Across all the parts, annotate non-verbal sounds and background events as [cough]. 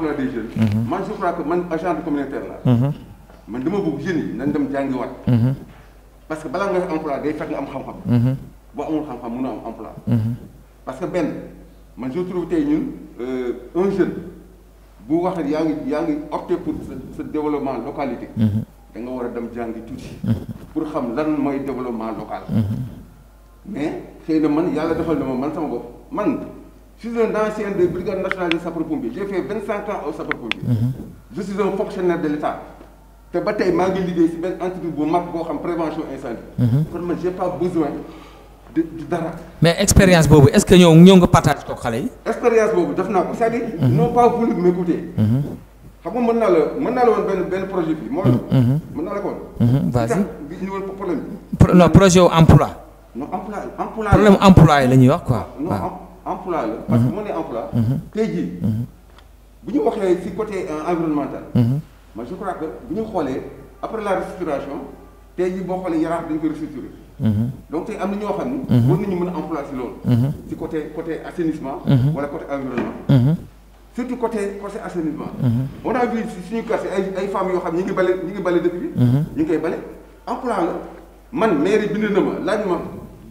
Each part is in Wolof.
l'emploi des jeunes. Moi, je crois que man, agent de communautaire là, mon dama bëgg jini, yi nañ dem jàngi Parce que balaa nga emploi des fekk nga am xam-xam. Boo amul xam-xam emploi. Parce que ben, man je trouve tey ñun un jeune bu wax ne yaa y a ngi opté pour ce développement localité. da nga pour xam lan développement local. mais xëy man yàlla defal na man sama bopp man. Je suis un ancien de brigade nationale de sapeurs-pompiers. J'ai fait 25 ans au sapeurs-pompiers. Mhm. Je suis un fonctionnaire de l'État. te ba tey maa ngi liggéey si benn bu mag xam prévention incendie. Mhm. kon man j'ai pas besoin de dara. mais expérience bobo. est-ce que nous ñëw nga partage ko xale yi. expérience bobo. def naa ko c'est-à-dire. Mhm. ils n'ont pas voulu m'écouter. xam nga mën naa la mën naa la woon benn benn projet bi. moo la mën la vas-y li non projet wu emploi. non emploi emploi problème emploi yi la ñuy wax quoi. non emploi là, parce que mon emploi t'es dit, vous nous waxee si côté euh, environnemental mais mhm. je crois que vous nous xoolee après la restructuration t'es dit boo xoolee yaraax dañ koy restructurer mhm. donc t'es am na ñoo nous ni mhm. war nañu mën a emploi côté côté assainissement wala côté environnement surtout côté côté assainissement on a vu si suñu quartier ay femme femmes yoo xam ñi ngi bale ñi ngi bale dëkk bi ñi ngi koy emploi man mairie bind na ma laaj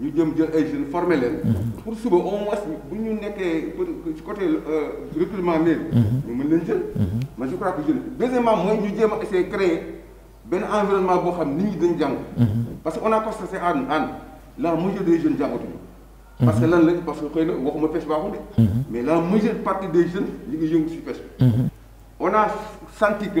ñu jëm jël ay jeunes pour au moins bu côté euh, je crois que je deuxièmement ñu créer environnement xam parce qu'on a constaté Anne, la majorité des jeunes parce que lan parce que mais la majeure des jeunes mhm. on a senti que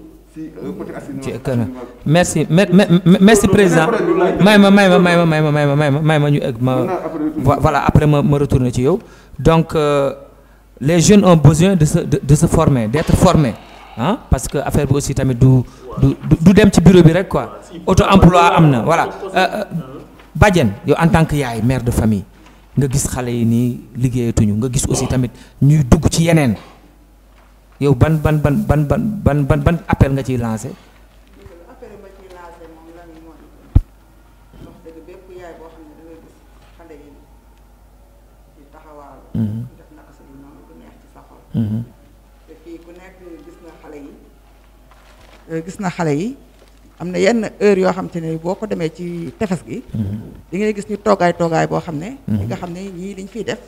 Euh, merci merci président voilà après me retourner donc euh, les jeunes ont besoin de se former d'être formés hein. parce que affaire aussi bureau quoi emploi amna. voilà euh, en tant que mère de famille nga aussi yow ban ban ban ban ban ban ban appel nga ciy lancé. Mhm. Mhm. te fii ku nekk gis na xale yi eh, gis na xale yi am na yenn heure yoo xam te ne boo ko demee ci tefes gi mhm. di ngay gis ñu toogaay toogaay boo xam ne li nga xam ne ñii liñ fiy def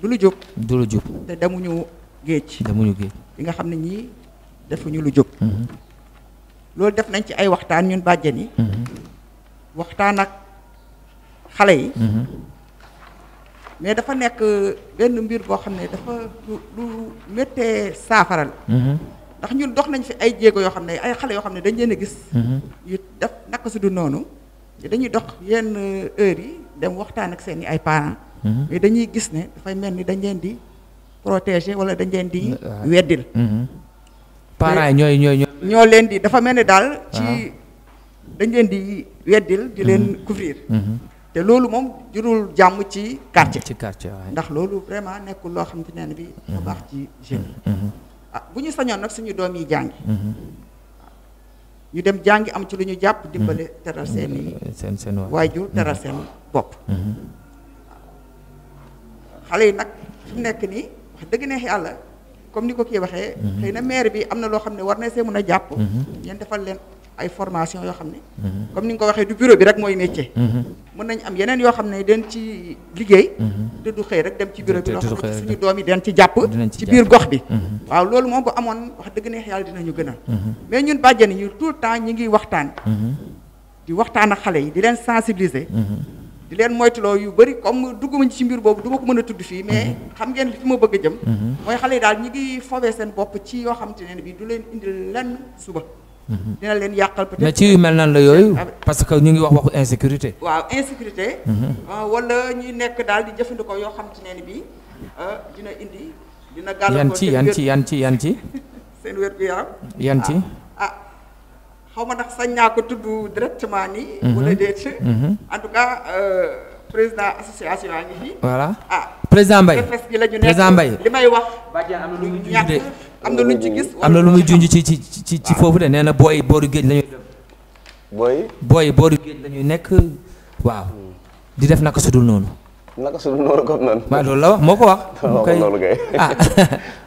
du lu jub du lu jub te demuñu géej. demuñu géej li nga xam ne ñii defuñu lu jóg. Mm-hmm. loolu def nañ ci ay waxtaan ñun bàjjen yi. Mm-hmm. waxtaan ak xale yi. Mm-hmm. mais dafa nekk euh, benn mbir boo xam ne dafa lu lu méttee saafara ndax ñun dox nañ fi ay jéego yoo xam ne ay xale yoo xam ne dañ leen gis. yu def naka su du noonu. dañuy dox yenn euh, heures yi dem waxtaan ak seen i ay parents. mais dañuy gis ne dafay mel ni dañ leen di. protéger wala dañ leen di ah. weddil mm-hmm. parents yi ñooy ñooy ñoo leen di dafa mel ni daal ah. ci dañ leen di weddil di leen mm-hmm. couvrir mm-hmm. te loolu moom jurul jàmm ci quartier ci quartier ndax loolu vraiment nekkul loo xam ne bi bu baax ci jeune ah, bu ñu sañoon nag suñu doom yi jàngi ñu dem jàngi am ci lu ñu jàpp dimbale teral seeni seen seen waajur teral seen bopp xale yi nag fi nekk nii wax dëgg neex yàlla comme ni ko kii waxee. Mhm. xëy na maire bi am na loo xam ne war na see mën a jàpp. Mhm. ngeen defal leen ay formation yoo xam ne. Mhm. comme ni nga ko waxee du bureau bi rek mooy métier. mën nañ am yeneen yoo xam ne den ci liggéey. te du xëy rek dem ci bureau bi loo xam ne suñu doom yi den ci biir gox bi. waaw loolu moom bu amoon wax dëgg neex yàlla dinañu gën mais ñun bàjjani ñu tout le temps ñi ngi waxtaan. di waxtaan a xale yi di leen sensibiliser. di leen moytuloo yu bëri comme dugg ma dugguma ci mbir boobu du ma ko mën a tudd fii mais mhm. xam ngeen li fi ma bëgg a jëm mhm. mooy xale yi daal ñi ngi fobee seen bopp ci yoo xam te ne bi du leen indil lenn suba mhm. leen yàqal peut-être ci mel nan la yooyu ah, parce que ñu ngi wax waxu insécurité waaw insécurité ah, wala ñuy nekk daal di jëfandikoo yoo xam te ne bi ah, dina indi dina gàllankoor yan ci yan ci [laughs] yan ci yan ci seen wér gu yaram yan ci xaw ma ndax sañ naa ko tudd directement nii. Mhm. wala déet. Mhm. en tout euh, président association yaa ngi fi. voilà ah président Mbaye président Mbaye li may wax. am na lu ñu ci gis am na ci ci ci ci foofu de nee na booy booru géej la ñuy booy booy booru géej nekk waaw. di def naka sudul noonu. naka su noonu comme noonu. waaw loolu moo ko wax. [laughs] Ah. [laughs] waxu loolu gay ah.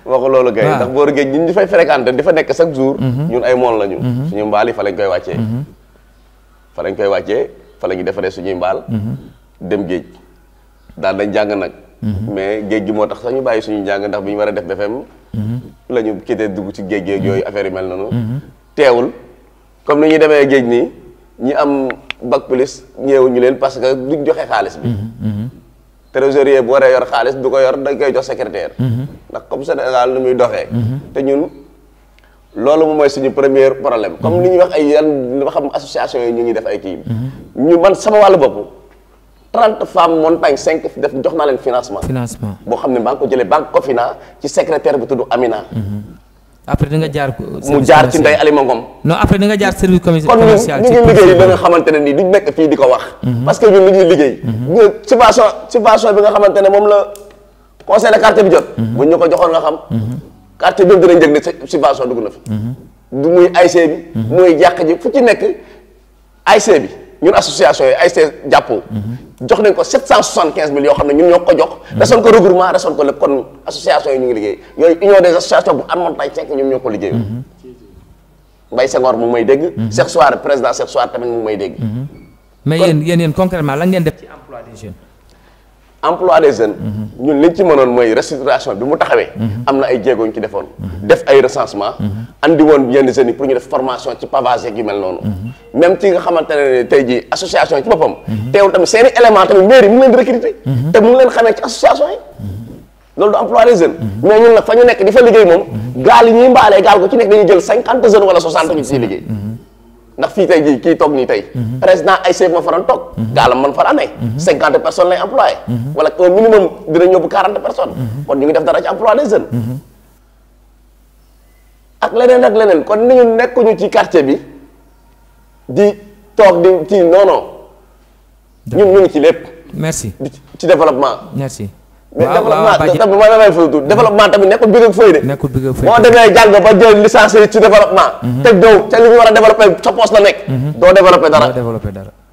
waxu loolu gay ndax booru géej ñun ñu fay fréquenté di fa nekk chaque jour. Mhm. ñun ay mool lañu. Mhm. suñu mbaal yi fa lañ koy wàccee. Mhm. fa lañ koy wàccee fa la ñuy defaree suñuy mbaal. dem géej daal dañ jàng nag. mais géej gi moo tax sax ñu bàyyi suñu jàng ndax bi ñu war a def BFM. la ñu kitee dugg ci géej géej yooyu affaire yi mel noonu. teewul comme ni ñuy demee géej nii ñi am bac plus ñeewuñu leen parce que duñ joxe xaalis bi. trésorier bu waree yor xaalis du ko yor dañ koy jox secrétaire. Mhm. ndax comme Sénégal lu muy doxee. Mhm. te ñun loolu mooy suñu premier problème. comme li ñuy wax ay yan li xam association yi ñu ngi def ay kii. Mhm. ñu man sama wàllu bopp. trente femmes montagne cinq def jox naa leen financement. financement boo xam ne maa ngi ko jëlee banque Cofina ci secrétaire bu tudd Amina. après da nga jaar mu jaar ci Ndeye Alima Ngom. non après da nga jaar service commercial. kon ñun ñu ngi nga xamante nii duñ nekk fii di ko wax. Mhm. parce que ñun li ñuy liggéey. Mhm. subvention subvention bi nga xamante ne moom la conseil de quartier bi jot. Mhm. buñ ñu ko joxoon nga xam. quartier bi dinañ jëg ne subvention dugg na fi. du muy AIC bi. muy jàq ji fu ci nekk AIC bi. ñun association yi ASC jàppoo jox nañ ko 775 mille yoo xam ne ñun ñoo ko jox desoon ko regroupement desoon ko lépp kon association yi ñu liggéey yooyu union des associations bu am montagne cinq ñun ñoo ko liggéey Mbaye Senghor mu may dégg Cheikh Souare président Cheikh Souare tamit mu may dégg mais yéen yéen yéen concrètement lan ngeen def ci emploi des emploi des jeunes. Mhm. ñun liñ ci mënoon mooy restructuration bi mu taxawee. Mhm. am na ay jéego ñu ci defoon. Mhm. def ay recensement. andi woon yenn jeunes yi pour ñu def formation ci pavage yu mel noonu. même ci nga xamante ne tey jii association yi ci boppam. teewul tamit seen i éléments tamit mu leen di recruter. te mu ngi leen xamee ci association yi. loolu du emploi des jeunes. mais ñun nag fa ñu nekk di fa liggéey moom. gaal yi ñuy gaal ko ci nekk dañuy jël cinquante jeunes wala soixante ñu ndax fii tey jii kii toog nii tey mhm. président ay chef ma faran toog mhm. gaalam man faran ne mhm. cinquante personnes lay employé wala au minimum dina ñëw bu quarante personnes kon ñu ngi def dara ci emploi des jeunes ak leneen ak leneen kon ni ñu nekkuñu ci quartier bi di toog di ci non ñun ñu ngi ci lépp merci ci développement merci waaw mais développement dama lay fay tuuti développement tamit nekkul bëgg ak fëy de. boo demee jàng ba jël licence ci développement. Mhm. te doo ca li ñu war a développé sa poste la nekk. Mhm. doo développé dara doo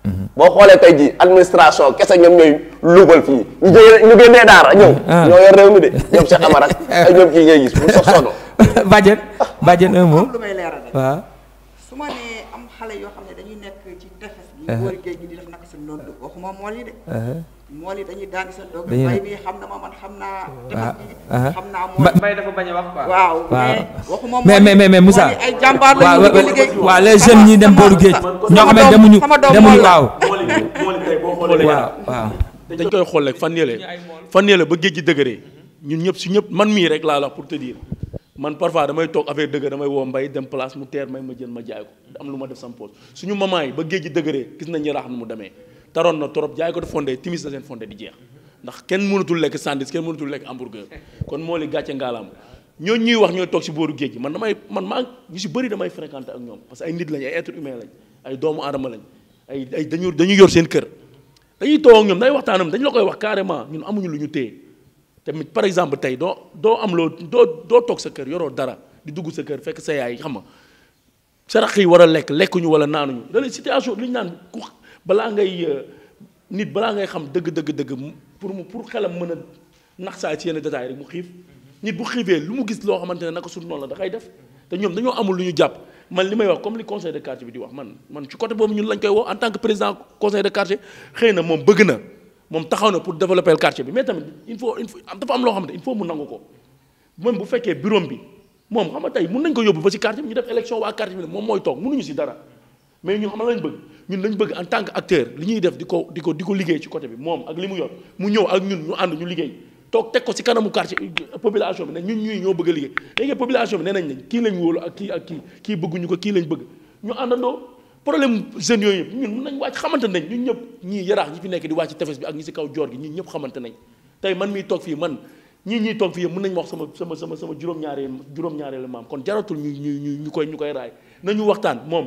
mhm. boo xoolee tey jii administration kese ñoom ñooy luubal fii ñu jógee ñu génnee daara ñëw. Ah. Ah. ñoo yor réew mi de ñoom Cheikh Amar ak [laughs] ay ñoom kii ngay gis bu sox sono. Badiane Badiane nee am xale yoo xam ne dañuy nekk ci tefes gi. Uh-huh. wër géej gi di def naka suñu mool yi dañuy daan seen doog. dañuy mbay mi na ma man xam naa. waaw ah, ah, ah. xam naa mool. mbay dafa bañ a wax quoi. waaw mais waxuma mool mais mais mais Moussa. ay jàmbaar la ñu bëgg liggéey. waaw les jeunes ñi dem booru géej. ñoo xam ne mu demuñu waaw. waaw waaw. dañ koy xool rek fan yële fan yële ba géej gi dëgëree ñun ñëpp si ñëpp man mii rek laa la pour te dire man parfois damay toog affaire dëgg damay woo bay dem place mu teer may ma jën ma jaay ko am lu ma def sama poche suñu maman yi ba géej gi dëgëree gis nañ ñu raax nu mu demee taroon na trop jaay ko de fondé timis na seen fondé di jeex ndax kenn mënatul lekk sandwich kenn mënatul lekk hamburger kon moo li gàcce ngaalaam ñoo ñuy wax ñooy toog si booru géej gi man damay man maa ñu si bëri damay fréquenté ak ñoom parce que ay nit lañ ay être humain ay doomu aadama lañ ay ay dañu yor seen kër dañuy toog ak ñoom dañuy waxtaanam dañu la koy wax carrément ñun amuñu lu ñu téye tamit par exemple tey doo doo am loo doo doo toog sa kër yoroo dara di dugg sa kër fekk sa yaay xam nga sarax yi war a lekk lekkuñu wala naanuñu da lay situation li ñu naan ku balaa ngay euh, nit balaa ngay xam dëgg dëgg dëgg pour mu pour xelam mën a nax saa ci yenn détails rek mu xiif nit bu xiifee lu mu gis loo xamante ne naka suuf noonu la da def te ñoom dañoo amul lu ñu jàpp man li may wax comme li conseil de quartier bi di wax man man ci côté boobu ñun lañ koy woo en tant que président conseil de quartier xëy na moom bëgg na moom taxaw na pour développer quartier bi mais tamit il faut il faut dafa am loo xamante il faut mu nangu ko même bu fekkee moom xam nga tey mun nañ ko mais ñu xamal lañ bëgg ñun lañ bëgg en tant que acteur li ñuy def diko diko diko liggéey ci côté bi moom ak li mu yor mu ñëw ak ñun ñu and ñu liggéey toog teg ko ci kanamu quartier euh, population bi ne ñun ñuy ñoo bëgg a liggéey léegi population bi nee nañ lañ kii lañ wóolu ak kii ak kii kii bëgguñu ko kii lañ bëgg ñu àndandoo problème jeune yooyu yëpp ñun mun nañ wàcc xamante nañ ñun ñëpp ñii yaraax ñi fi nekk di wàcc tefes bi ak ñi ci kaw joor gi ñun ñëpp xamante nañ tey man miy toog fii man ñi ñi toog fii mën nañ wax sama sama sama sama juróom-ñaareel juróom-ñaareelu maam kon jaratul ñu ñu ñu koy ñu koy raay nañu waxtaan moom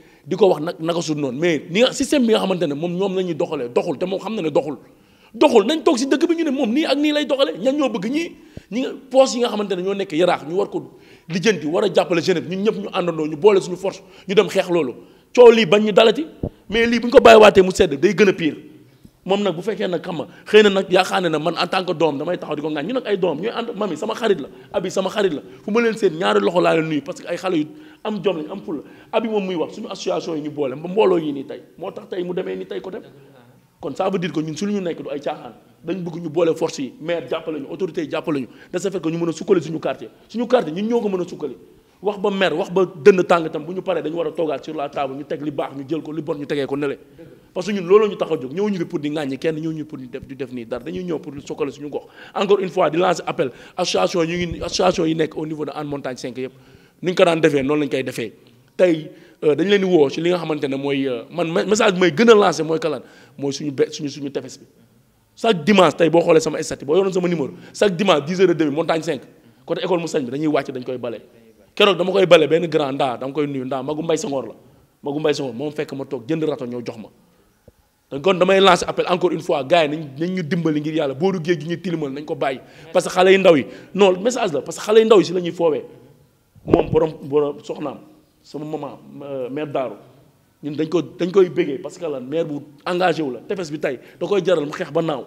di ko wax nag naka su noonu mais ni nga système bi nga xamante ne moom ñoom la ñuy doxalee doxul te moom xam na ne doxul doxul nañ toog si dëkk bi ñu ne moom nii ak nii lay doxalee ñan ñoo bëgg ñii ñi nga poste yi nga xamante ne ñoo nekk yaraax ñu war ko lijjanti war a jàppale jeunesse ñun ñëpp ñu àndandoo ñu boole suñu force ñu dem xeex loolu coow lii bañ ñu dalati mais lii bu ñu ko bàyyiwaatee mu sedd day gën a pire moom nag bu fekkee nag xam nga xëy na nag yaakaar ne na man en tant que doom damay taxaw di ko ngaan ñu nag ay doom ñooy ànd mami sama xarit la abi sama xarit la ñu boole ba mbooloo yi nii tey tey mu demee ni tey ko dem kon ça ñu nekk du ay caaxaan ñu boole force yi maire jàppale ñu autorité yi jàppale ñu de ce fait que ñu mën a sukkali suñu quartier suñu quartier ñun ñoo ko mën a sukkali wax ba maire wax ba dënn tàng tam bu ñu paree dañu war a toogaat sur la table ñu teg li baax ñu jël ko li bon ñu tegee ko nele parce que ñun loolu ñu tax a jóg ñëw ñu pour di ŋàññi kenn ñëw ñu pour di def di nii dara dañuy ñëw pour sokkale suñu gox encore une fois di lancer appel association yi ngi association yi nekk au niveau de Hann Montagne 5 yëpp ni ñu ko defee noonu lañ koy defee tey euh, dañ leen woo ci li nga xamante ne mooy euh, man message bi may gën a mooy kalan mooy suñu be suñu suñu tefes bi chaque dimanche tey boo xoolee sama statut boo yoroon sama numéro chaque dimanche 10 heures et demi Montagne 5 côté école Moussagne bi dañuy wàcc dañ koy bale keroog dama koy bale benn grand kon damay lancer appel encore une fois gars yi nañ nañ ñu dimbali ngir yàlla booru géej gi ñu tilimal nañ ko bàyyi parce que xale yu ndaw yi non message la parce que xale yu ndaw yi si la ñuy foowee moom borom borom soxnaam sama maman euh, mère Darou ñun dañ ko dañ koy bëggee parce que lan maire bu engagé wu la tefes bi tey da koy jaral mu xeex ba naaw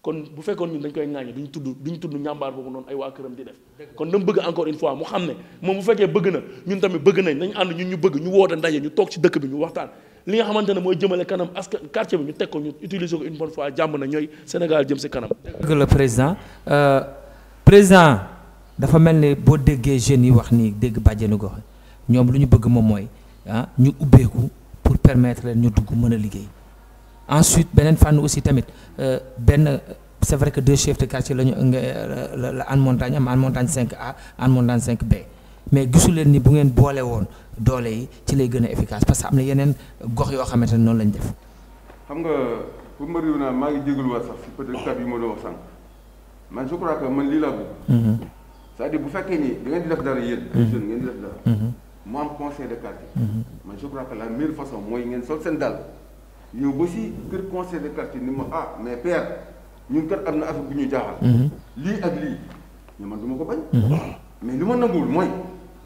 kon bu fekkoon ñun dañ koy ŋaañu duñ tudd duñ tudd ñàmbaar boobu noonu ay waa këram di def kon dama bëgg encore une fois mu ne moom bu fekkee bëgg na ñun tamit bëgg nañ nañ ànd ñu bëgg ñu woote ndaje ñu toog ci dëkk bi ñu waxtaan li nga xamante ne mooy jëmale kanam askan quartier bi ñu teg ko ñu utiliser ko une bonne fois jàmm na ñooy Sénégal jëm si kanam. dëgg la président euh, président dafa mel ni boo déggee jeunes yi wax ni dégg bàjjenu gox ñoom lu ñu bëgg moom mooy ah ñu ubbeeku pour permettre leen ñu dugg mën a liggéey ensuite beneen fànn aussi tamit euh, benn. c'est vrai que deux chefs de quartier la ñu euh, la Hann Montagne am Hann Montagne 5A Hann Montagne 5B mais gisu ni bu ngeen boole woon doole yi ci lay gën a efficace parce que am na yeneen gox yoo xamante ne noonu lañ def. xam nga pour ma réew naa maa ngi jégaluwaat sax si peut-être kàddu yi ma doon wax sànq man je man lii laa bëgg. Mhm. cest à bu fekkee ni da ngeen di def dara yéen. ay mhm. jeunes ngeen di def dara. Mhm. am conseil de quartier. man je crois que la meilleure façon mooy ngeen sol seen dàll. yow ba si kër conseil de quartier ni ma ah mais père ñun kat am na affaire bu ñu jaaxal. lii ak lii ñu ko bañ.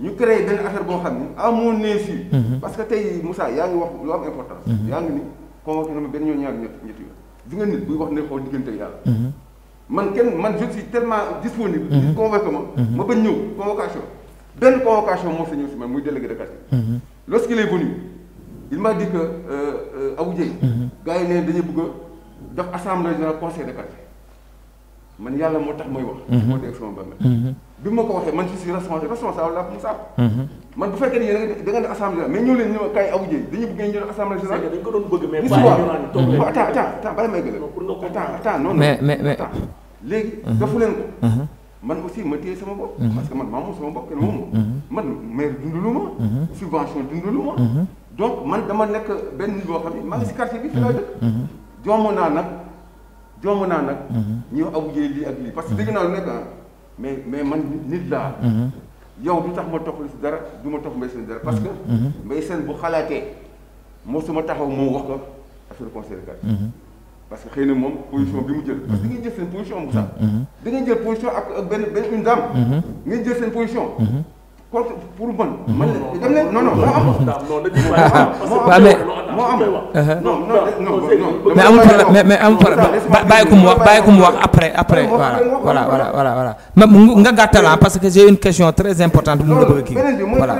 ñu créé benn affaire boo xam ne à mon insu parce que tey Moussa yaa ngi wax lu am importance. Mhm. yaa ngi ni convoqué nga ma benn ñoom ñaar ñett ñett yoon. di nga nit buy wax ne xool diggante yàlla. Mhm. man kenn man je suis tellement disponible. di mhm. convoqué ma. ma bañ ñëw convocation. benn convocation moo fi ñëw si man muy délégué de quartier. lorsqu'il est venu il m'a dit que euh, euh, Abou Dieye. gars yi ne dañuy bëgg a def assemblée générale conseil de man yàlla moo tax may wax. Mhm. moo dégg sama bàmmeel. Mhm. ma ko waxee man si si responsable responsable laa Moussa. Mhm. man da nga ne ma kaay léegi defu ko. man aussi ma téye sama bopp. parce que man maa sama bopp kenn moomu. man maire dundulu ma. subvention dundulu ma. donc man dama nekk benn nit boo xam ne maa ngi si bi fi laa dëkk. jomb naa nag. jomb naa nag. Mhm. ñu abu jëlee lii ak lii parce que dégg naa lu nekk ah, mais mais man nit laa. Mhm. yow du tax ma topp si dara du ma topp mbay seen dara. parce que mhm. mbay seen bu xalaatee moo su ma taxaw moom wax ko affaire conseil de parce que xëy na moom position bi mu jël. parce que da jël seen position bu sax. da ngeen jël position ak benn benn une dame. ngeen jël seen position. Quoi pour man. non non non non mais mais amul problème moi wax moi après après voilà voilà voilà voilà même nga parce que j'ai une question très importante mu le bëgg voilà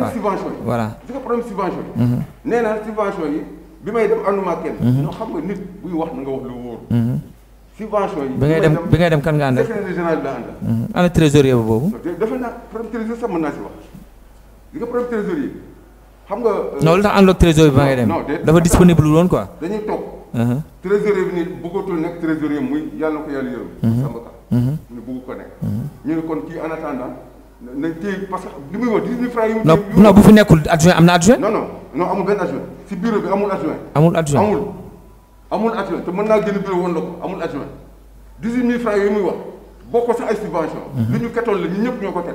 voilà problème subvention néna subvention yi bi may dem kenn. non xam nga nit buy wax nga wax lu trésorier boobu li nga problème trésorerie xam nga. Euh, non la tax ànd ak trésorier ba ngay dem. dafa disponible woon quoi. dañuy toog. Uh-huh. trésorier bi ni bëggatul nekk trésorier muy yàlla ko yàlla yërëm. Uh-huh. Samba Ka. ñu uh-huh. bëgg ko nekk. ñu ne kon kii en attendant nañ téye parce que li muy wax dix mille francs yi mu. non non bu fi nekkul adjoint am na adjoint. non non non amul benn adjoint si bureau bi amul adjoint. amul adjoint amul. amul adjoint te mën naa génn bureau woon la ko amul adjoint dix huit mille francs yi muy wax boo ko sax ay subvention li ñu ketoon la ñu ñëpp ñoo ko teg.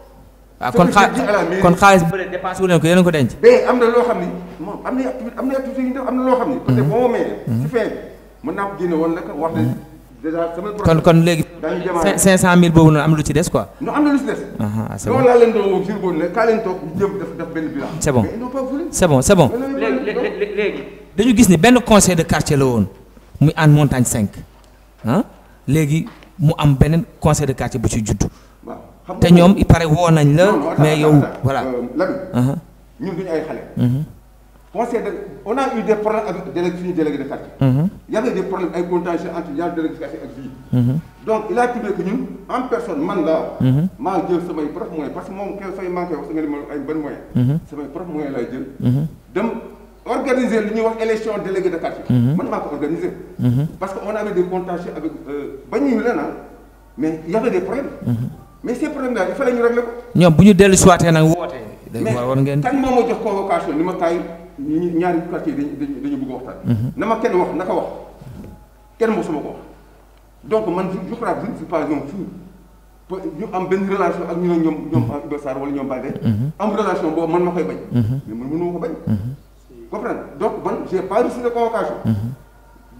kon xaa kon xaalis bu dee dépassé wu leen ko yéen ko denc. mais am na loo xam ni moom am na activité am na activité yu ñu def am na loo xam ni. peut-être boo ma mayee. ci fin bi mën naa ko génne woon la ko wax ne. Mhm. déjà sama prochaine. kon kon léegi. daañu jëmaale 500000 boobu noonu am lu ci des quoi. non am na lu ci des. ah c' est bon loolu laa leen doon woo jour boobu ne kaa leen toog jëm def def benn bilan. c' est bon mais c' est bon c' est bon léegi léegi. dañu gis ni benn conseil de quartier la woon muy en montagne 5 ah léegi mu am beneen conseil de quartier bu ci judd. waaw te ñoom i pare woo nañ la. mais yow voilà. Euh, Lamine. Uh-huh. ñun duñu ay xale. conseil mm-hmm. de on a eu des problèmes avec délégué suñu délégué de quartier. Mm-hmm. y avait des problèmes ay contentieux entre ñaar délégué de quartier ak bii. donc il a trouvé que ñun en personne man laa. Mm-hmm. maa jël samay prof moyens parce que moom kenn sooy manqué wax nga ne ma ay ban moyen. samay prof moyens laay jël. dem organiser li ñuy wax élection délégué de quartier. man maa ko organiser. parce que on avait des contentieux avec euh, ba ñu leen ah. mais y avait des problèmes. mais ces problèmes là il fallait ñu régler ko. ñoom bu ñu dellu si nag woote. dañu war ma jox convocation ni ma kaay ñaari quartier dañu dañu bëgg waxtaan. Mhm. na ma kenn wax naka wax kenn mosuma ko wax donc man je crois que je ne suis ñu am benn relation ak ñu ne ñoom ñoom mhm. Iba Sarr wala ñoom Baldé. Mhm. am relation boobu man ma koy bañ. mais man mënu ma ko bañ. comprendre donc man j'ai pas convocation.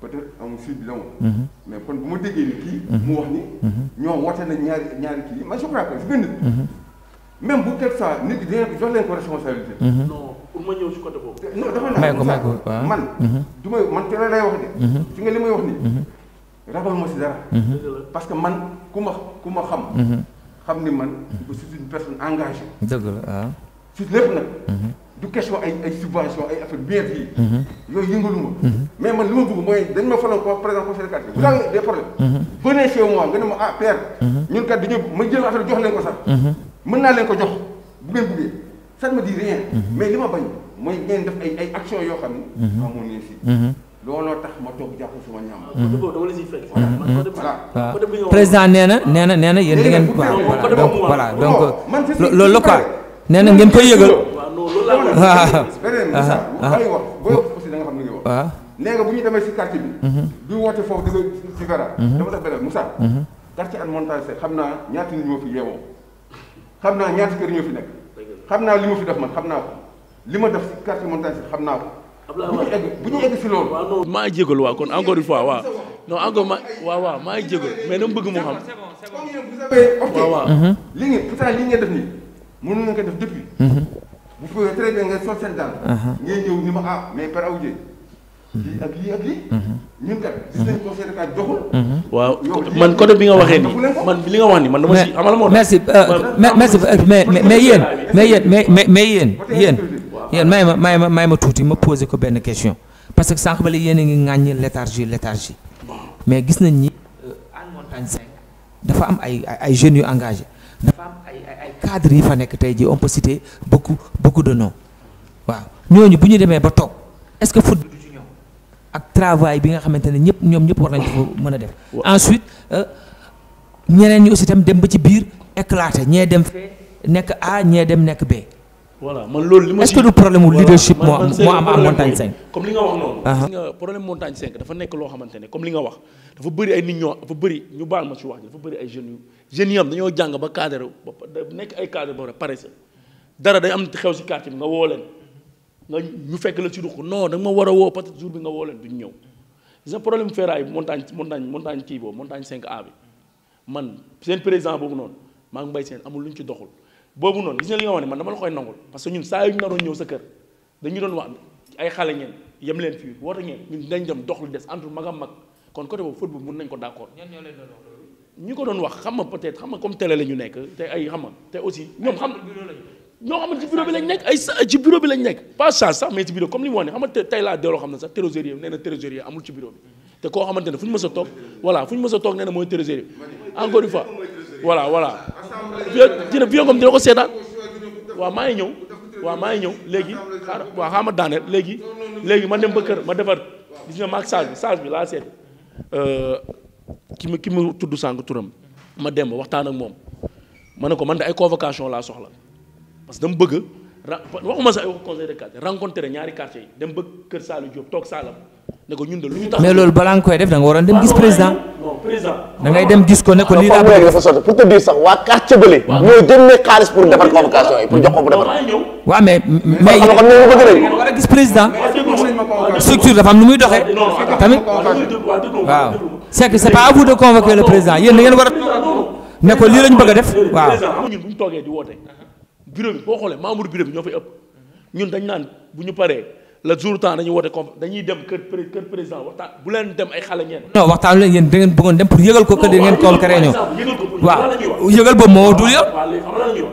peut-être mhm. mais kon bu ma déggee ni mhm. mhm. ñoo woote na ñaari ñaari kii même bu quelque soit nit day jox leen ko responsabilité. non pour ma ñëw man man. du may man te parce que man ku ma ku xam. xam ni man je suis une personne engagé dëgg la waaw. si lépp nag. du question ay ay subvention ay affaire merde yi. yooyu yëngaluma. Mhm. mais man li ma bëgg mooy dañ ma falal ko par exemple conseil de quartier. bu daal des problèmes. Mhm. Mhm. venez chez moi nga ne ma ah père. ma jël affaire jox leen ko sax. mën naa leen ko jox bu ngeen bëggee ça ne na nee na nee na yéen da ngeen. voilà donc loolu la quoi nee na ngeen koy yëgal. waaw ah. beneen Moussa ay wax booy wax xam ne ngi wax waaw ah. bu ñu demee si quartier bi bi mhm. woote foofu di ko si vera mhm. dama def beneen Moussa mhm. quartier an montage se xam naa ñaata nit ñoo fi yeewoo xam naa ñaata kër ñoo fi nekk xam naa li ma fi def man xam naa ko li ma def si quartier montage se xam naa ko bu ñu egg bu ñu egg si loolu maa ngi jégalu waaw kon encore une fois waaw non ma waaw waaw maa ngi jégalu mais dama bëgg mu xam comme vous li ngeen pourtant li ngeen def nii Vous pouvez très bien mais mais mais mais mais mais question parce que ngi mais euh, engagé cadres yi fa nekk tey ji on peut citer beaucoup beaucoup de noms waaw ñooñu bu ñu demee ba toog est-ce que foot du ak travail bi nga xamante ne ñëpp ñoom ñëpp war nañ ko mën a def ensuite euh, ñeneen ñi aussi tam dem ba ci biir éclaté ñee dem fee nekk A ñee dem nekk B voilà man loolu li ma est-ce que du problème leadership moo am am am montagne comme li nga wax noonu. Uh-huh. dafa nekk loo xamante ne comme li nga wax dafa bëri ay nit ñoo dafa bëri ñu baal ma ci wax dafa bëri ay jeunes yu. jeunes yi am dañoo jàng ba cadre ba nekk ay cadre ba pare sa dara day am xew si quartier bi nga woo leen nga ñu fekk la ci ruq non da nga ma war a woo peut jour bi nga woo leen duñ ñëw gis nga problème ferraille montagne montagne montagne kii boobu montagne 5A bi man seen président boobu noonu maa ngi bay seen amul lu ci boobu noonu gis nga li nga wax ne man dama la nangul parce ñun saa yu ñu naroon ñëw sa kër dañu doon wax ay xale ngeen yem leen fii woote ngeen ñun dañ dem dox lu des entre mag a mag kon côté boobu foot bi mun nañ ko d'accord. ñu ko doon wax xam nga peut-être xam nga comme télé la ñu nekk te ay xam nga te aussi ñoom xam ñoo xamante ci bureau bi lañ nekk ay ci bureau bi lañ nekk pas chance sax mais ci bureau comme li mu wax ne xam te tey laa delloo xam ne sax trésorier nee na trésorier amul ci bureau bi te koo xamante ne fu ñu mës a toog voilà fu ñu mës a toog nee na mooy trésorier voilà voilà dina vieux comme dina seetaan waaw maa ngi ñëw waa maa ngi ñëw léegi waa waaw xaama daaneel léegi léegi ma dem ba kër ma defar gis nga maag sage bi sage bi laa seet euh, ki ma ki ma tuddu sànq turam ma dem waxtaan ak mom mané ko man da ay convocation la soxla parce que dama bëgg waxuma sa ay conseil de quartier rencontrer ñaari quartier dem bëgg kër salu Diop tok salam né ko ñun de lu tax mais lool balaa nga koy def da nga waroon dem gis président non président da ngay dem gis ko né ko ah, li laa bëgg dafa sotti pour te dire sax wa quartier beulé ñoy ñoo né xaaliss pour défar convocation yi pour jox ko bu defar waaw mais mais xam nga ñu bëgg nañ gis président structure dafa am lu muy doxé tamit waaw c'est que c'est pas à vous de convoquer le président yéen da ngeen war a lii lañ bëgg def waaw. ñun bi boo xoolee membre bureau bi ñoo fay ëpp ñun dañ naan bu ñu paree le jour temps dañuy woote comme dañuy dem kër kër président waxtaan bu leen dem ay xale ngeen. non waxtaan leen yéen da ngeen bëggoon dem pour yëgal ko kër yi ngeen convoqué réunion waaw yëgal boobu moo dul yow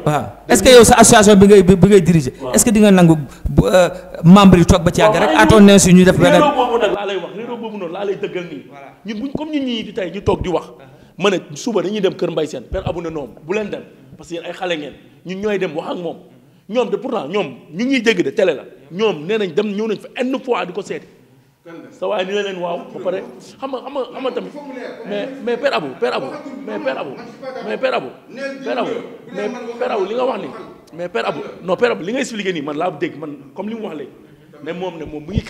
waaw est-ce que yow sa association bi ngay bi ngay diriger est-ce que di nangu euh, membre yi toog ba ci yàgg def benn. réeróo boobu nag laa lay wax réeróo ñun bu ñu comme ñun ñu di tey ñu toog di wax uh-huh. ma ne suba dañuy dem kër mbay seen per abu ne noom bu leen dem parce que ay xale ngeen ñun ñooy dem wax ak moom uh-huh. ñoom de pourtant ñoom ñu ngi dégg de télé la ñoom nee nañ dem ñëw nañ fa une fois di ko seeti sa waaye ni la leen waaw ba pare xam nga xam nga xam nga tamit mais mais père Abou père Abou mais père abu mais per Abou père Abou mais li nga wax ni mais per Abou non père Abou li nga expliqué nii man laa dégg man comme li mu wax moom ne moom mu ngi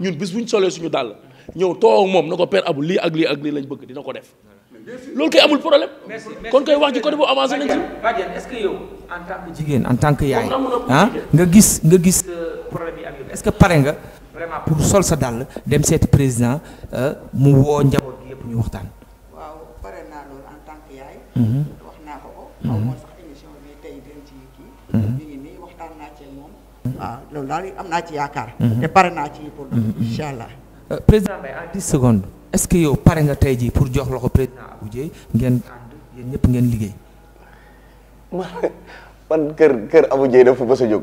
ñun bis bu solee suñu dàll ñëw toog moom na ko père abu lii ak lii ak lii lañ bëgg dina ko def loolu koy amul problème. kon koy wax ci côté boobu avancé nañ ci. ce que yow jigéen en tant yaay ah, nga gis nga gis. problème yi ce que pare nga. sol sa dàll dem seeti président euh, mu woo njaboot gi yëpp waxtaan. waaw naa loolu mhm. mhm. ci mhm. daal am naa ci yaakaar. te pare naa ci pour. incha allah. président Mbaye en 10 secondes est ce que yow pare nga tey jii pour jox loxo président Abdou Dieye ngeen ànd yéen ñëpp ngeen liggéey. man man kër parang Abdou Dieye dafa mës a jóg.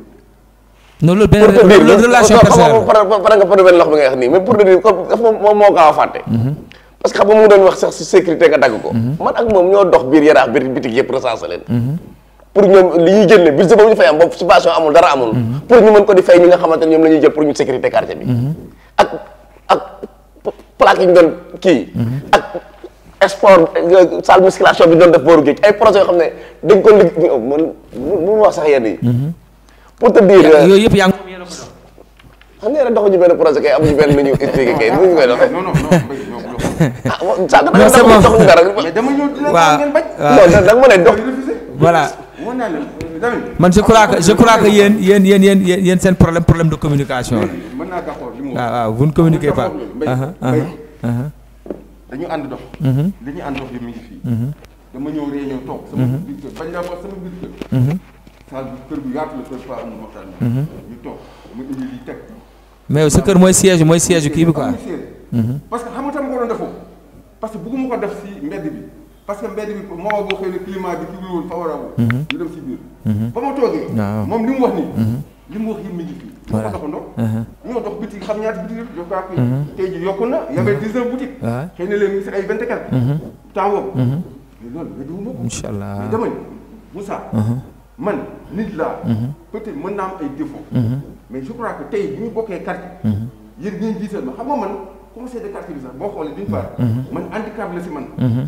non loolu benn loolu relation personnelle pare nga pare benn loxo bi nga wax nii mais pour te dire moom moo gaaw a fàtte. parce que xam nga mu doon wax sax si sécurité nga dagg ko. man ak ñoo dox pour li jël ñu fay am amul dara amul. pour ñu mën ko di fay ñi nga xamante ne ñoom jël plaque yi ñu doon kii. Mhm. ak sport salle musculation bi doon def booru géej ay projet yoo xam ne dañ ko ligg man mënu wax sax yenn yi. pour te dire yooyu yëpp yaa xam nga yéen doxuñu benn projet kay amuñu benn lu ñu kay nu ñu koy doxee. non non non. non man je crois que je crois que yéen yéen yéen yéen seen problème problème de communication waaw ah, waaw vous ne communiquez pas. Ah, ah, dañu ànd li mm-hmm. ñu ànd dox yi mu ngi fii. Mm-hmm. dama ñëw réunion toog. sama mm-hmm. biir kër bañ laa wax sama biir kër. saal mooy siège mooy siège kii bi quoi. parce que xam nga ko def parce que mbedd bi moment boo xëy na climat bi jublu woon favorable. Mhm. ñu dem si biir. Mhm. ba ma toogee. moom li mu wax nii. Mhm. li mu wax yëpp mi ngi fi. voilà ñoo ko doxandoo. ñoo dox boutique xam ñaata boutique la jokkoo ak. tey jii yokku na y avait dix neuf boutiques. waaw xëy na léegi ñu si ay vingt et quatre. temps boobu. mais loolu nga déglu ma ko. incha allah mais dama ni Moussa. man nit laa. peut-être mën naa am ay défauts. mais je crois que tey bi ñu bokkee quartier. yéen ñii jiital ma xam nga man conseil de quartier bi sax boo xoolee d'une part. man handicap la si man.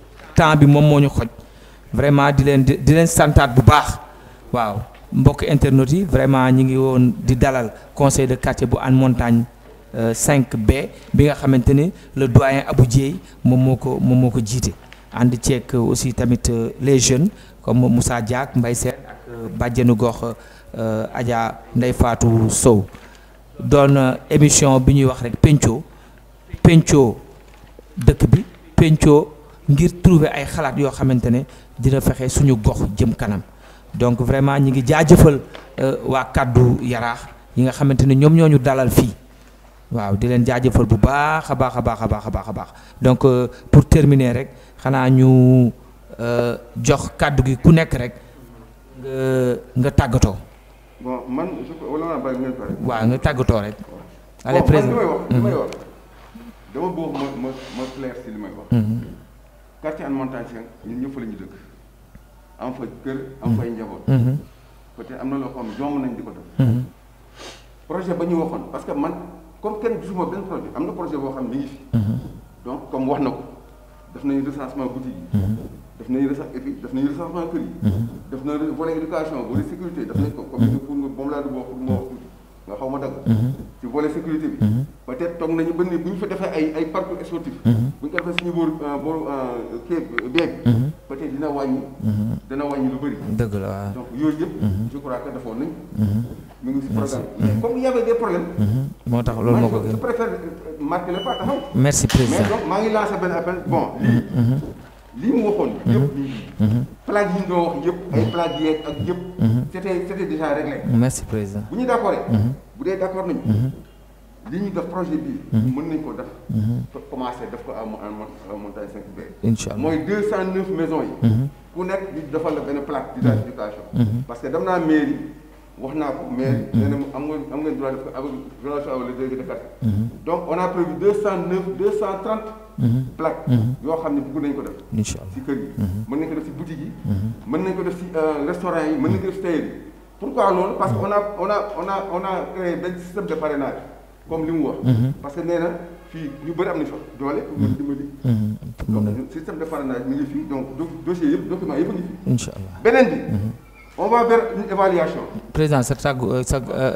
temps bi vraiment di di vraiment ñi ngi dalal conseil de quartier bu Montagne 5B euh, bi nga le doyen Abou Dieye mom moko mom moko aussi tamit euh, les jeunes comme Moussa Diak Mbaye Sène ak euh, à gox Adja Ndeye Fatou Sow donne émission bi ñuy wax rek ngir trouver ay xalaat yoo xamante ne dina fexe suñu gox jëm kanam donc vraiment ñi ngi jaajëfal euh, waa kàddu yaraax yi nga xamante ne ñoom ñoo ñu dalal fii waaw di leen jaajëfal bu baax a baax a baax a baax a baax a baax donc euh, pour terminer rek xanaa ñu euh, jox kàddu gi ku nekk rek nga nga tàggatoo. bon waaw nga tàggatoo rek. quartier en montagne ñun ñëpp la ñu dëkk am fa kër am mm-hmm. fay njaboot. Mm-hmm. peut-être am na loo xam jomb nañ di ko def. Mm-hmm. projet ba ñu waxoon parce que man comme kenn gisuma benn projet am na projet boo xam ne mi ngi fi. donc comme wax na ko def nañu recensement boutique yi. def nañu recensement et puis def nañu recensement kër yi. def nañu volet éducation volet sécurité def nañ ko. comme ni pour moom laa doon wax pour moo wax tuuti. nga xawma dag mhm. ci volé sécurité bi mhm. ba être tok nañu bënd bu fa défé ay ay parc sportif mhm. bu ñu défé suñu bor euh, bor euh, kéb bék ba être dina wañi dina wañi lu bari deug la donc yoy yëp je crois que dafon nañ mi ngi ci programme comme il y avait des problèmes motax lool moko gën je préfère euh, marquer le pas taxaw merci président mais donc ma ngi lancer ben appel bon li mu waxoon. yëpp ni mhm. mhm. plages yi ñu doon wax yëpp. ay plages yeeg ak yëpp. Mhm. c'était c'était déjà réglé. merci président bu ñu d'accord bu dee d'accord nañu. li ñu def projet bi. mën nañ ko def. pour commencer def ko à à montagne 5B. incha allah mooy 209 maisons yi. ku nekk di defal la benn plaque d'identification. parce que dem naa mairie wax naa ko mais nee na am nga am nga droit de avec relation avec les délégués de quartier. donc on a prévu 209 230. Mm-hmm. plaque mm-hmm. yoo xam ne bëgg nañ ko def incha allah si kër yi mm-hmm. mën nañ ko def si boutique yi mën nañ ko def si euh, restaurant yi mën nañ ko def si tailleur pourquoi loolu parce que on a on a on a on a créé benn système de parrainage comme li mu wax parce que nee na fii ñu bëri am nañ fa doole pour mën dimbali donc système de parrainage mi ngi fii donc dossier yëpp document yëpp a ngi fi incha beneen bi on va vers une évaluation président sa tàggu euh, sa euh,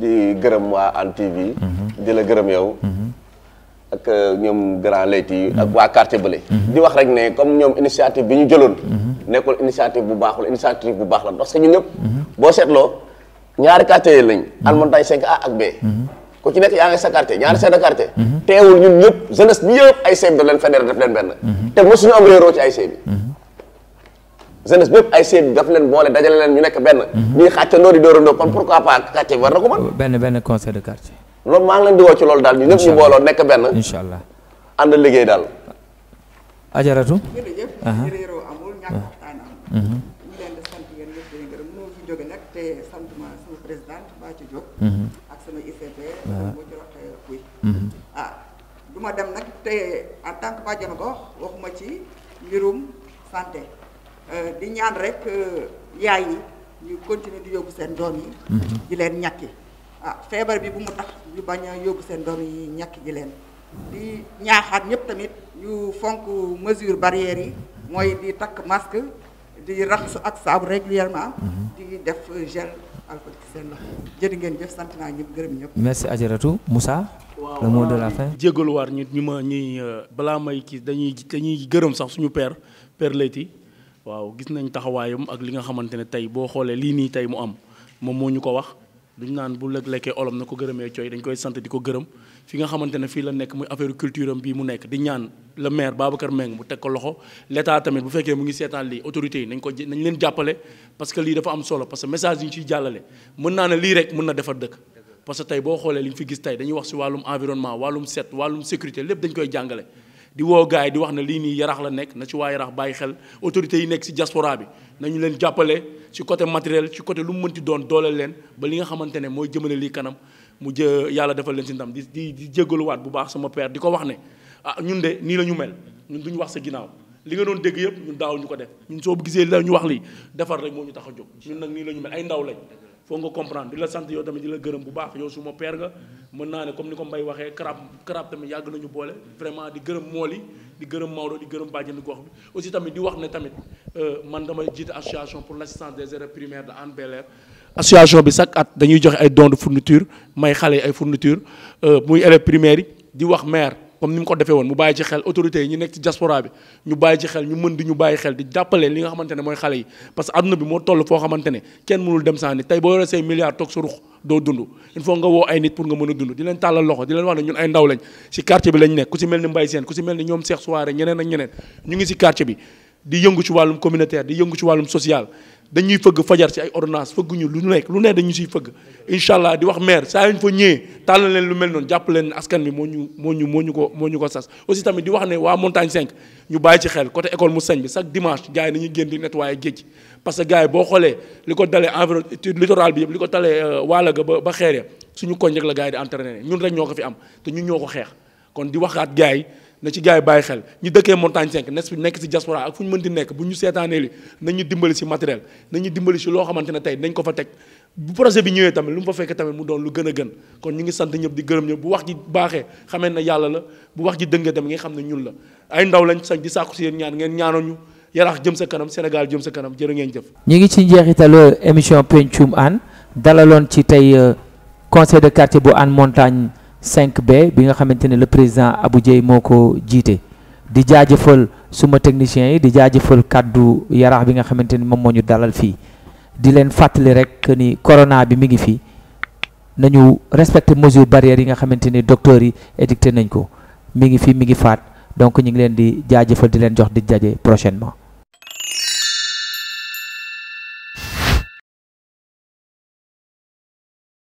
di gërëm waa Hann TV. Mhm. di la gërëm yow. Mhm. ak euh, ñoom grand layti ak mhm. waa quartier bële. di wax rek ne comme ñoom initiative bi ñu jëloon. nekkul initiative bu baaxul initiative bu baax la parce que ñun ñëpp. boo seetloo ñaari quartier lañ. Almontagne 5A ak B. ku ci nekk yaa ngi sa quartier ñaari chef de quartier. teewul ñun ñëpp jeunesse bi yëpp ay CM daf leen fédéré daf leen benn. te mosuñu am réeroo ci ay CM zenes bépp ay seen daf len boole dajale len ñu ben ñi mhm. ñuy xàccandoo di dóorandoo kon pourquoi pas quartier war nako man euh, ben ben conseil de quartier. loolu ma ngi len di wo ci loolu dal ñu ñëpp ñu booloo nek ben inshallah and liggéey daal. ajaratu. jërëjëf. amul ñàkk ah. waxtaan am. Mhm. ñu leen di sant yéen ñëpp di gërëm moo fi te sant ma sama mhm. ak sama ICP. waaw ci roxee kuy. ah du dem nag te en tant que waxuma ci santé. Euh, di ñaan rek euh, yaay yi ñu continuer di yóbbu seen doom yi mhm. di leen ñàkki ah feebar bi bu mu tax ñu bañ a yóbbu seen doom yi ñàkki ji leen di ñaaxaat ñëpp tamit ñu fonk mesure barrières yi mooy di takk masque di raxasu ak saabu régulièrement mhm. di def gel alcool seen loxo jërë ngeen jëf sant naa ñëpp gërëm ñëpp merci Adjaratou Moussa le mot de la fin jégaluwaat ñu ñu ma ñuy euh, balaa may kii dañuy dañuy gërëm sax suñu père père Leyti waaw gis nañ taxawaayam ak li nga xamante ne tey boo xoolee lii nii tey mu am moom moo ñu ko wax duñ naan bu lëg lekkee olom na ko gërëmee cooy dañ koy sant di ko gërëm fi nga xamante ne fii la nekk muy affaire culture am bii mu nekk di ñaan le maire Babacar Mbengue mu teg ko loxo l'état tamit bu fekkee mu ngi seetaan lii autorités yi nañ ko nañ leen jàppale parce que lii dafa am solo parce que message yi ñu ciy jàllale mën naa ne lii rek mën na defar dëkk parce que tey boo xoolee fi gis tey wax si wàllum environnement wàllum set wàllum sécurité lépp dañ koy jàngale di woo gars yi di wax ne lii nii yarax la nekk na ci waa yarax bàyyi xel autorités yi nekk si jaspora bi nañu leen jàppale ci côté matériel ci côté lu mu mënti doon dooleel leen ba li nga xamante ne mooy jëmane lii kanam mu jë yàlla defal leen si ndam di di di jégaluwaat bu baax sama père di ko wax ne ah ñun de nii la ñu mel ñun duñu wax sa ginnaaw li nga doon dégg yëpp ñun daaw ñu ko def ñun soo gisee la ñu wax lii defar rek moo ñu tax a jóg ñun nag nii la ñu mel ay ndaw lañ foo nga comprendre di la sant yoo tamit di la gërëm bu baax yow suma père nga mën naa ne comme ni ko Mbaye waxee karab karab tamit yàgg nañu boole vraiment di gërëm mool yi di gërëm Maodo di gërëm bàjjenu gox bi aussi tamit di wax ne tamit euh, man damay jiite association pour la l'assistance des élèves primaires de Hann Bel-Air association bi chaque at dañuy joxe ay dons de fourniture may xale yi ay fourniture euh, muy élèves primaires yi di wax maire comme ni mu ko defee woon mu bàyyi ci xel autorités yi ñu nekk ci diaspora bi ñu bàyyi ci xel ñu mën di ñu bàyyi xel di jàppale li nga xamante ne mooy xale yi parce que àdduna bi moo toll foo xamante ne kenn mënul dem saa ni tey boo yoree say milliards toog sa rux doo dund il faut nga woo ay nit pour nga mën a dund di leen tàllal loxo di leen wax ne ñun ay ndaw lañ ci quartier bi lañ nekk ku ci mel ni Mbaye Sène ku ci mel ni ñoom Cheikh Souare ñeneen ñeneen ñu di yëngu ci wàllum communautaire di yëngu ci wàllum social dañuy fëgg fajar ci ay ordonnance fëgguñu lu nekk lu ne dañu siy fëgg incha allah di wax maire saa yuñ fa ñëwee tàllal leen lu mel noonu jàpp leen askan bi moo ñu moo ñu moo ñu ko moo ñu ko sas aussi tamit di wax ne waa montagne cinq ñu bàyyi ci xel côté école mu sañ bi chaque dimanche gars yi nañuy génn di nettoyer géej parce que gars yi boo xoolee li ko dalee environ littoral bi yëpp li ko dalee euh, waalo ga ba ba xeere suñu koñ rek la gars yi di entraîner ñun rek ñoo ko fi am te ñun ñoo ko xeex kon di waxaat gars yi na ci gars yi bàyyi xel ñu dëkkee montagne 5 nekk si diaspora ak fu ñu mënti nekk bu ñu seetaanee li nañu dimbali si matériel nañu dimbali si loo xamante ne tey nañ ko fa teg bu projet bi ñëwee tamit lu mu fa fekk tamit mu doon lu gën a gën kon ñu ngi sant ñëpp di gërëm ñëpp bu wax ji baaxee xamee na yàlla la bu wax ji dëngee tamit nga xam na ñun la ay ndaw lañ sax di sàkku si yéen ñaan ngeen ñaanoon ñu yaraax jëm sa kanam Sénégal jëm sa kanam jërë ngeen jëf ñu ngi ci njeexitalu euh, émission pencum Hann dalaloon ci tey euh, conseil de quartier bu Hann Montagne 5B bi nga xamante ne le président abu Dieye moo ko jiite di jaajëfal suma techniciens yi di jaajëfal kàddu yaraax bi nga xamante ni moom moo ñu dalal fii di leen fàttali rek ni corona bi mi ngi fii nañu respecter mesures barrières yi nga xamante ni docteurs yi édicté nañ ko mu ngi fii mi ngi faat donc ñu ngi leen di jaajëfal di leen jox di jaje prochainement